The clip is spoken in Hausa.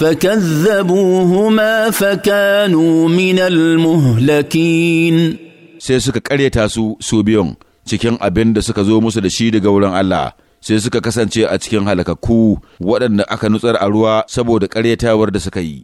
فكذبوهما فكانوا من المهلكين sai suka ƙaryata su su biyun cikin abin da suka zo musu da shi daga wurin Allah sai suka kasance a cikin halakakku waɗanda aka nutsar a ruwa saboda ƙaryatawar da suka yi